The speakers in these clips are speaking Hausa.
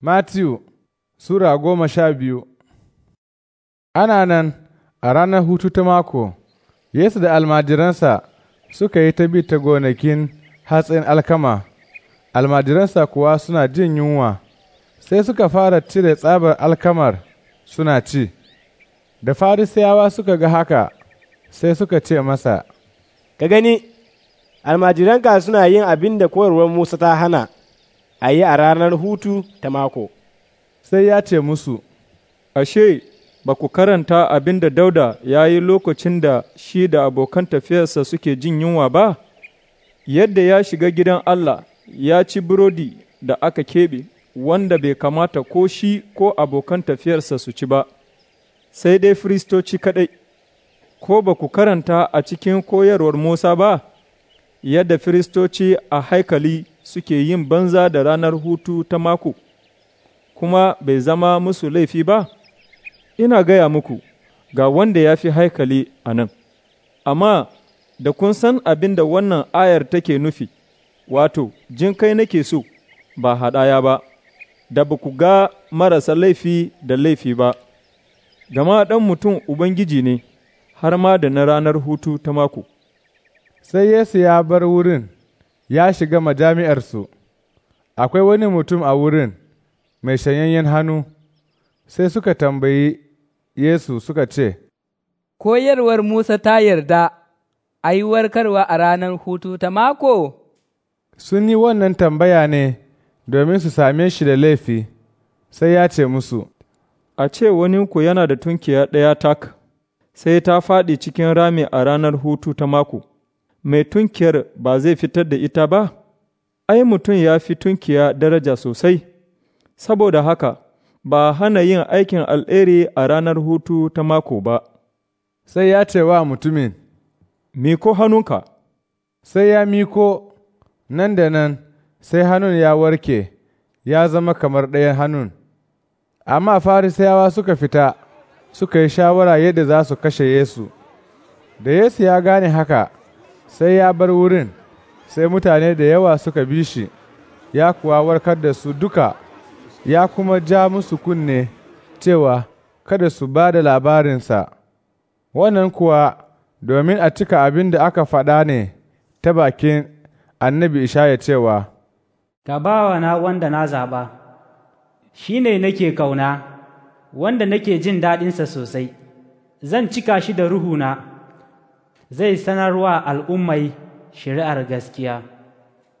Matthew Sura goma sha biyu Ana nan a ranar hutu ta mako, Yesu da almajiransa suka yi ta bi ta gonakin hatsin alkama, almajiransa kuwa suna jin yunwa, sai suka fara cire tsabar alkamar suna ci. Da farisiyawa suka ga haka, sai suka ce masa, Ka gani, almajiranka suna yin abin da koyarwar Musa ta hana. a yi a ranar hutu ta mako. Sai ya ce musu, Ashe, ba ku karanta abin da Dauda ya yi lokacin da shi da abokan tafiyarsa suke jin yunwa ba? Yadda ya shiga gidan Allah ya ci burodi da aka keɓe, wanda bai kamata ko shi ko abokan tafiyarsa su ci ba, sai dai firistoci kaɗai. Ko ba ku karanta a cikin koyarwar Musa ba, yadda firistoci a haikali suke yin banza da ranar hutu ta mako, kuma bai zama musu laifi ba? Ina gaya muku, ga wanda ya fi haikali a nan, amma da kun san abin da wannan ayar take nufi, wato, jin kai nake so, ba haɗaya ba, da ba ku ga marasa laifi da laifi ba, gama ɗan mutum Ubangiji ne, har ma da na ranar hutu ta mako. Sai Yesu ya bar wurin. ya shiga majami'arsu, akwai wani mutum a wurin mai shanyayyen hannu, sai suka tambayi Yesu suka ce, Koyarwar Musa ta yarda a yi warkarwa a ranar hutu ta mako? Sun yi wannan tambaya ne domin su same shi da laifi, sai ya ce musu, A ce waninku yana da tunkiya ɗaya tak, sai ta faɗi cikin rami a ranar hutu ta mako. mai tunkiyar ba zai fitar da ita ba? Ai, mutum ya fi tunkiya daraja sosai, saboda haka ba hana yin aikin alheri a ranar hutu ta mako ba. Sai ya ce wa mutumin, Miko hannunka, sai ya miko nan da nan, sai hannun ya warke, ya zama kamar ɗayan hannun. Amma Farisayawa suka fita, suka yi shawara yadda za su kashe Yesu. Da Yesu ya gane haka, sai ya bar wurin, sai mutane da yawa suka bi shi, ya kuwa warkar da su duka, ya kuma ja musu kunne cewa kada su ba da labarinsa, wannan kuwa domin a cika abin da aka faɗa ne ta bakin annabi Ishaya cewa, Gabawa na wanda na zaɓa, shi ne nake kauna, wanda nake jin daɗinsa sosai, zan cika shi da ruhuna. zai sanarwa al'ummai shari'ar gaskiya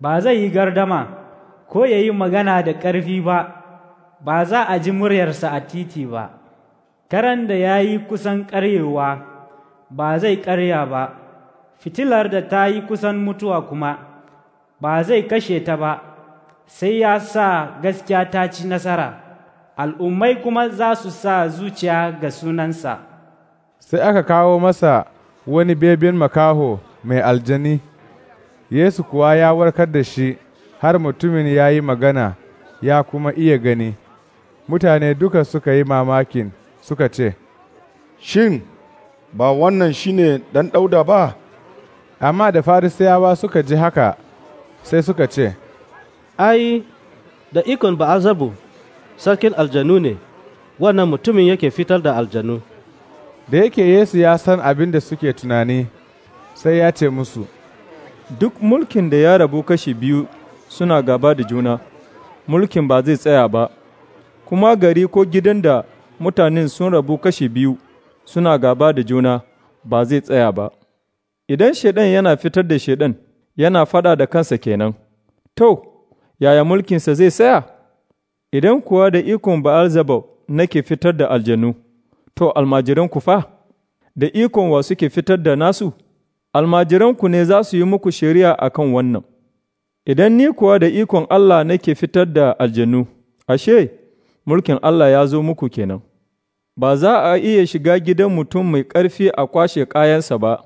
ba zai yi gardama ko ya yi magana da ƙarfi ba ba za a ji muryarsa a titi ba karan da ya yi kusan ƙaryewa ba zai ƙarya ba fitilar da ta yi kusan mutuwa kuma ba zai kashe ta ba sai ya sa gaskiya ta ci nasara al'ummai kuma za su sa zuciya ga sunansa sai aka kawo masa wani beben makaho mai aljani, Yesu kuwa ya warkar da shi har mutumin ya yi magana ya kuma iya gani. Mutane duka suka yi mamakin suka ce, Shin, ba wannan shi ne ɗan ɗauda ba? Amma da Farisiyawa suka ji haka sai suka ce, Ai, da ikon ba azabu, sarkin aljanu ne, wannan mutumin yake fitar da aljanu. Da yake Yesu ya san abin da suke tunani, sai ya ce musu, Duk mulkin da ya rabu kashi biyu suna gaba da juna, mulkin ba zai tsaya ba, kuma gari ko gidan da mutanen sun rabu kashi biyu suna gaba da juna ba zai tsaya ba. Idan shaidan yana fitar da shaidan, yana fada da kansa kenan. To, yaya mulkinsa zai tsaya? Idan kuwa da ikon baal nake fitar da aljanu. to almajiranku fa, da ikon wa suke fitar da nasu, almajiranku ne za su yi muku shari'a a kan wannan. Idan ni kuwa da ikon Allah nake fitar da aljanu, ashe, mulkin Allah ya zo muku kenan. Ba za a iya shiga gidan mutum mai ƙarfi a kwashe kayansa ba,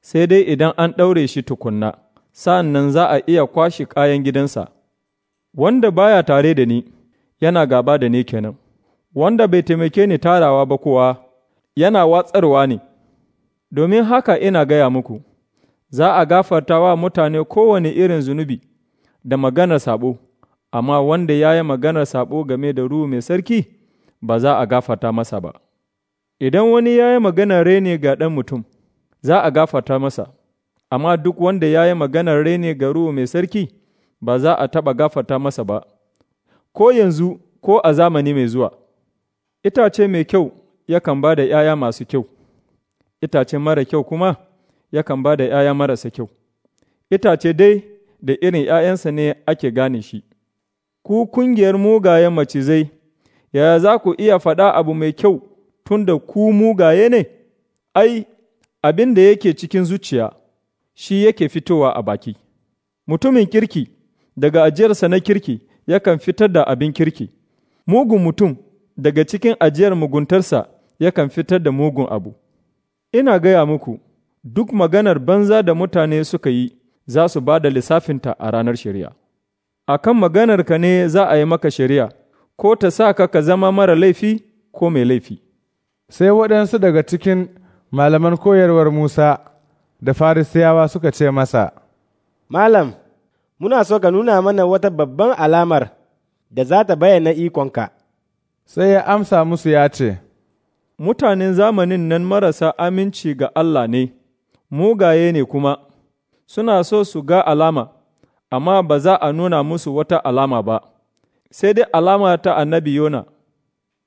sai dai idan an ɗaure shi tukunna, sannan za a iya kwashe kayan gidansa. Wanda baya tare da ni, yana gaba da ni kenan. wanda bai taimake ni tarawa ba kuwa yana watsarwa ne, domin haka ina gaya muku, za a gafarta wa mutane kowane irin zunubi da maganar sabo, amma wanda ya yi maganar sabo game da ruhu mai sarki ba za a gafarta masa ba. Idan wani ya yi maganar reni ga ɗan mutum, za a gafarta masa, amma duk wanda ya yi maganar reni ga ruhu mai sarki ba za a taɓa gafarta masa ba, ko yanzu ko a zamani mai zuwa. Itace mai kyau yakan ba da ’ya'ya masu kyau, itace mara kyau kuma yakan ba da ’ya'ya marasa kyau. Itace dai da irin ’ya'yansa ne ake gane shi. Ku kungiyar mugayen macizai, yaya za ku iya faɗa abu mai kyau tun da ku mugaye ne? Ai, abin da yake cikin zuciya shi yake fitowa a baki. Mutumin kirki daga ajiyarsa na kirki yakan fitar da abin kirki. Mugun mutum daga cikin ajiyar muguntarsa yakan fitar da mugun abu. Ina gaya muku, duk maganar banza da mutane suka yi za su ba da lissafinta a ranar shari'a. A kan maganarka ne za a yi maka shari'a, ko ta sa ka ka zama mara laifi ko mai laifi. Sai waɗansu daga cikin malaman koyarwar Musa da Farisiyawa suka ce masa, Malam, muna so ka nuna mana wata babban alamar da za ta bayyana ikonka. sai ya amsa musu ya ce, Mutanen zamanin nan marasa aminci ga Allah ne, mugaye ne kuma, suna so su ga alama, amma ba za a nuna musu wata alama ba, sai dai alama ta annabi Yona.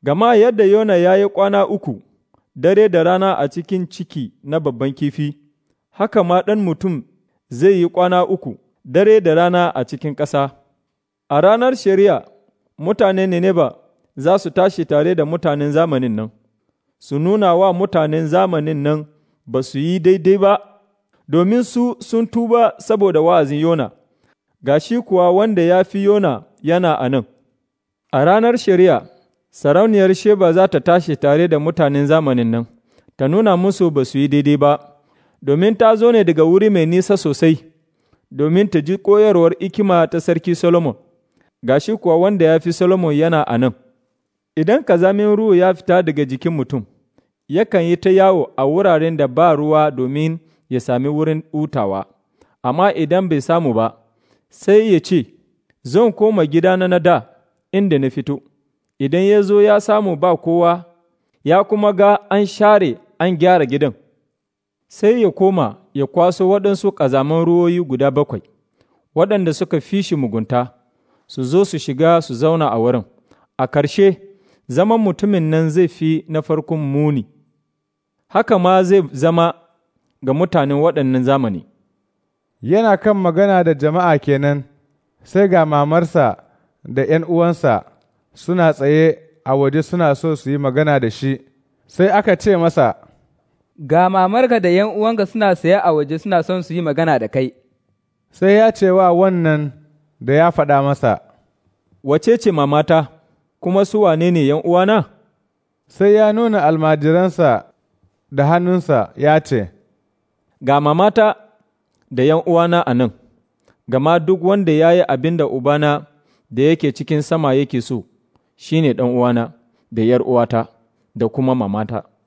Gama yadda Yona ya yi kwana uku, dare da rana a cikin ciki na babban kifi, haka ma ɗan mutum zai yi kwana uku, dare da rana a cikin ƙasa. A ranar shari'a, mutane ba za su tashi tare da mutanen zamanin nan, su nuna wa mutanen zamanin nan ba su yi daidai ba, domin su sun tuba saboda wa'azin Yona, gashi kuwa wanda ya fi Yona yana a nan. A ranar shari'a, sarauniyar Sheba za ta tashi tare da mutanen zamanin nan, ta nuna musu ba su yi daidai ba, domin ta zo ne daga wuri mai nisa sosai, domin ta ji koyarwar ikima ta sarki Solomon, gashi kuwa wanda ya fi Solomon yana a nan. Idan kazamin ruwa ya fita daga jikin mutum, yakan yi ta yawo a wuraren da ba ruwa domin ya sami wurin hutawa, amma idan bai samu ba, sai ya ce, Zan koma gidana na da inda na fito, idan ya zo ya samu ba kowa, ya kuma ga an share an gyara gidan, sai ya koma ya kwaso waɗansu ƙazaman ruwoyi guda bakwai, waɗanda suka fishi mugunta, su zo su shiga su zauna a wurin. A ƙarshe, zaman mutumin nan zai fi na farkon muni, haka ma zai zama ga mutanen waɗannan zamani. Yana kan magana da jama'a kenan, sai ga mamarsa da ’yan uwansa suna tsaye a waje suna so su yi magana da shi, sai aka ce masa, Ga mamarka da ’yan uwanka suna tsaye a waje suna son su yi magana da kai. Sai ya ce wa wannan da ya faɗa masa, Wace ce mamata? kuma su wane ne uwana? Sai ya nuna almajiransa da hannunsa ya ce, Ga mamata da ’yan uwana a nan, gama duk wanda ya yi abin da Ubana da yake cikin sama yake so, shi ne uwana da ’yar uwata da kuma mamata.